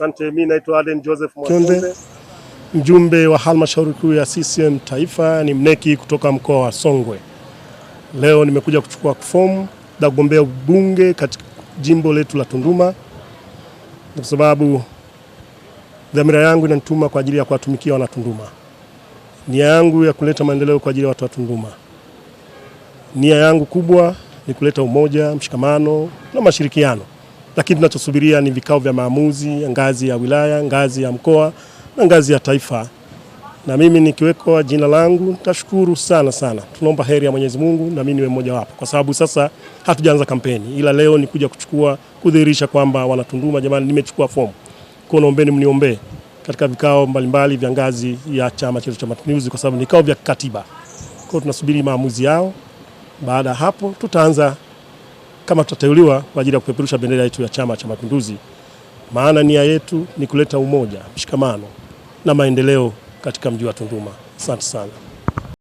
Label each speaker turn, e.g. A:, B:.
A: Asante, mimi naitwa Aden Joseph Mwakyembe,
B: mjumbe wa halmashauri kuu ya CCM Taifa, ni mneki kutoka mkoa wa Songwe. Leo nimekuja kuchukua fomu na kugombea ubunge katika jimbo letu la Tunduma, kwa sababu dhamira yangu inanituma kwa ajili ya kuwatumikia Wanatunduma. Nia yangu ya kuleta maendeleo kwa ajili ya watu wa Tunduma. Nia yangu kubwa ni kuleta umoja, mshikamano na mashirikiano lakini tunachosubiria ni vikao vya maamuzi ngazi ya wilaya, ngazi ya mkoa na ngazi ya taifa. Na mimi nikiwekwa jina langu nitashukuru sana sana. Tunaomba heri ya Mwenyezi Mungu na mimi niwe mmoja wapo, kwa sababu sasa hatujaanza kampeni, ila leo kuja kuchukua kudhihirisha kwamba wanatunduma, jamani, nimechukua fomu kwa, naombeni mniombee katika vikao mbalimbali vya ngazi ya chama chetu cha Mapinduzi, kwa sababu ni vikao vya kikatiba. Kwa hiyo tunasubiri maamuzi yao. Baada ya hapo tutaanza kama tutateuliwa kwa ajili ya kupeperusha bendera yetu ya Chama cha Mapinduzi, maana nia yetu ni kuleta umoja, mshikamano na maendeleo katika mji wa Tunduma. Asante sana.